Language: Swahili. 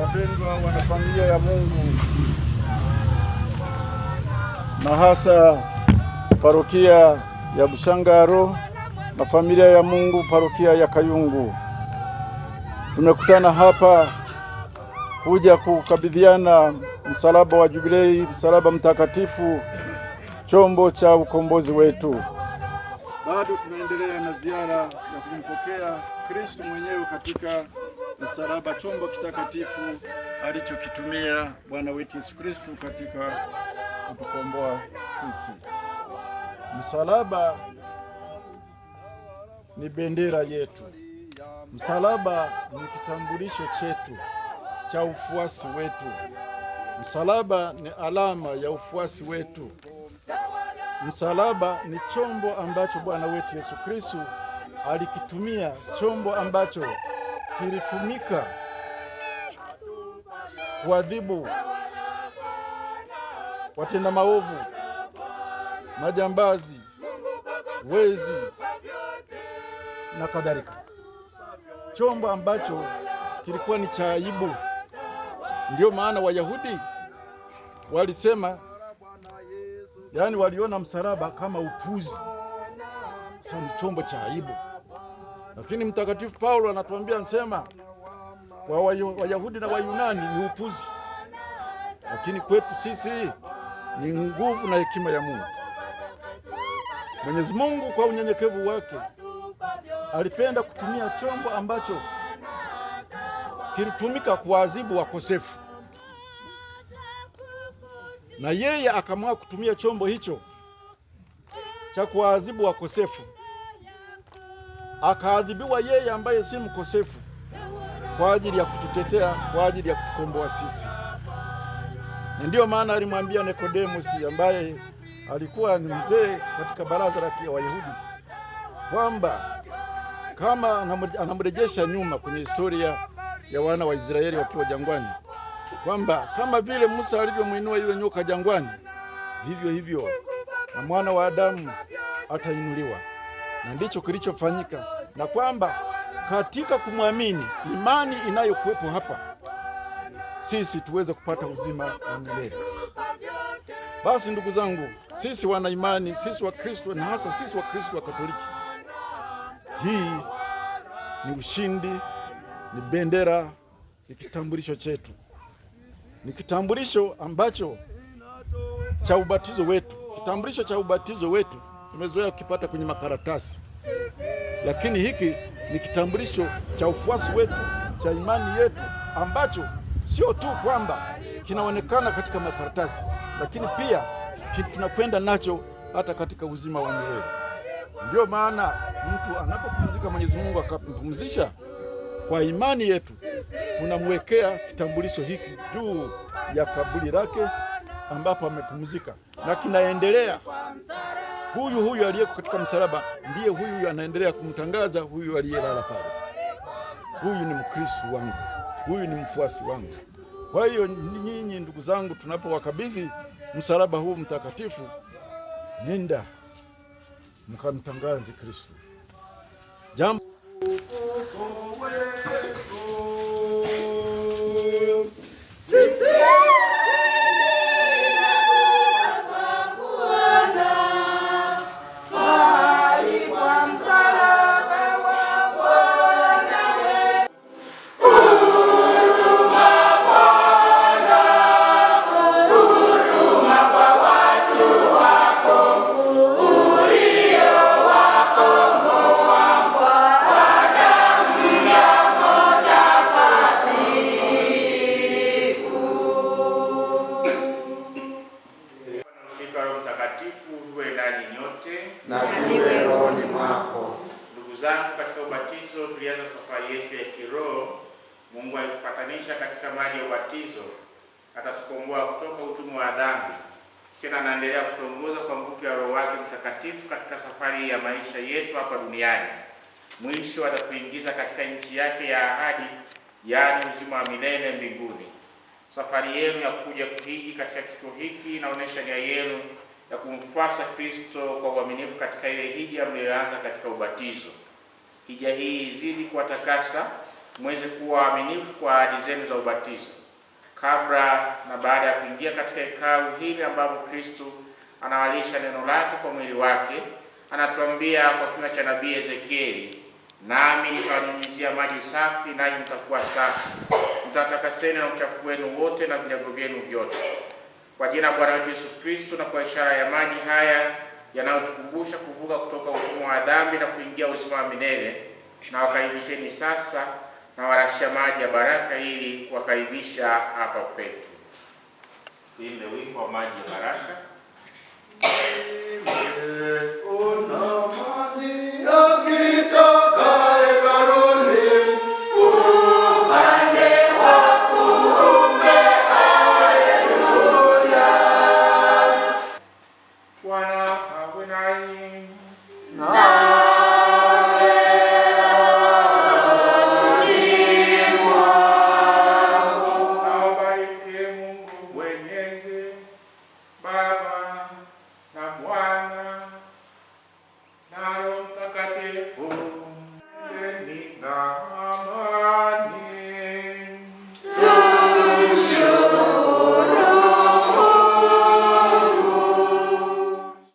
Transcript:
Wapendwa wanafamilia ya Mungu, na hasa parokia ya Bushangaro na familia ya Mungu parokia ya Kayungu, tumekutana hapa kuja kukabidhiana msalaba wa jubilei, msalaba mtakatifu, chombo cha ukombozi wetu. Bado tunaendelea na ziara ya kumpokea Kristo mwenyewe katika msalaba, chombo kitakatifu alichokitumia Bwana wetu Yesu Kristo katika kutukomboa sisi. Msalaba ni bendera yetu. Msalaba ni kitambulisho chetu cha ufuasi wetu. Msalaba ni alama ya ufuasi wetu. Msalaba ni chombo ambacho Bwana wetu Yesu Kristo alikitumia, chombo ambacho kilitumika kuadhibu watenda maovu, majambazi, wezi na kadhalika. Chombo ambacho kilikuwa ni cha aibu. Ndiyo maana Wayahudi walisema, yaani waliona msalaba kama upuzi, sasa ni chombo cha aibu. Lakini Mtakatifu Paulo anatuambia nsema kwa Wayahudi na Wayunani ni upuzi, lakini kwetu sisi ni nguvu na hekima ya Mungu. Mwenyezi Mungu kwa unyenyekevu wake alipenda kutumia chombo ambacho kilitumika kuwaadhibu wakosefu, na yeye akamua kutumia chombo hicho cha kuwaadhibu wakosefu akaadhibiwa yeye ambaye si mkosefu kwa ajili ya kututetea, kwa ajili ya kutukomboa sisi. Na ndiyo maana alimwambia Nikodemus ambaye alikuwa ni mzee katika baraza la Wayahudi kwamba kama anamrejesha nyuma kwenye historia ya wana wa Israeli wakiwa jangwani, kwamba kama vile Musa alivyomwinua yule nyoka jangwani, vivyo hivyo na mwana wa Adamu atainuliwa, na ndicho kilichofanyika na kwamba katika kumwamini imani inayokuwepo hapa sisi tuweze kupata uzima wa milele. Basi ndugu zangu, sisi wana imani, sisi wa Kristo na hasa sisi wa Kristo wa Katoliki, hii ni ushindi, ni bendera, ni kitambulisho chetu, ni kitambulisho ambacho cha ubatizo wetu, kitambulisho cha ubatizo wetu tumezoea kukipata kwenye makaratasi lakini hiki ni kitambulisho cha ufuasi wetu, cha imani yetu, ambacho sio tu kwamba kinaonekana katika makaratasi, lakini pia tunakwenda nacho hata katika uzima wa milele. Ndiyo maana mtu anapopumzika, Mwenyezi Mungu akampumzisha kwa imani yetu, tunamwekea kitambulisho hiki juu ya kaburi lake ambapo amepumzika na kinaendelea huyu huyu aliyeko katika msalaba ndiye huyu huyu anaendelea kumtangaza huyu aliyelala pale, huyu ni Mkristo wangu, huyu ni mfuasi wangu. Kwa hiyo nyinyi ndugu zangu, tunapowakabidhi msalaba huu mtakatifu, nenda mkamtangaze Kristo jambo wote na viwe rohoni mwako. Ndugu zangu, katika ubatizo tulianza safari yetu ya kiroho. Mungu alitupatanisha katika maji ya ubatizo, atatukomboa kutoka utumwa wa dhambi, tena anaendelea kutongoza kwa nguvu ya Roho wake Mtakatifu katika safari ya maisha yetu hapa duniani. Mwisho atatuingiza katika nchi yake ya ahadi, yaani uzima wa milele mbinguni. Safari yenu ya kuja kuhiji katika kituo hiki inaonyesha nia yenu ya kumfuasa Kristo kwa uaminifu katika ile hija mliyoanza katika ubatizo. Hija hii izidi kuwatakasa mweze kuwa waaminifu kwa ahadi zenu za ubatizo, kabla na baada ya kuingia katika hekalu hili ambapo Kristo anawalisha neno lake kwa mwili wake. Anatuambia kwa kinywa cha nabii Ezekieli, nami nitawanyunyizia maji safi, nanyi mtakuwa safi, mtatakaseni na uchafu wenu wote na vinyago vyenu vyote kwa jina la Bwana wetu Yesu Kristo na kwa ishara ya maji haya yanayotukumbusha kuvuka kutoka utumwa wa dhambi na kuingia uzima wa milele, na wakaribisheni sasa na warashia maji ya baraka ili kuwakaribisha hapa kwetu. Wimbo wa maji ya baraka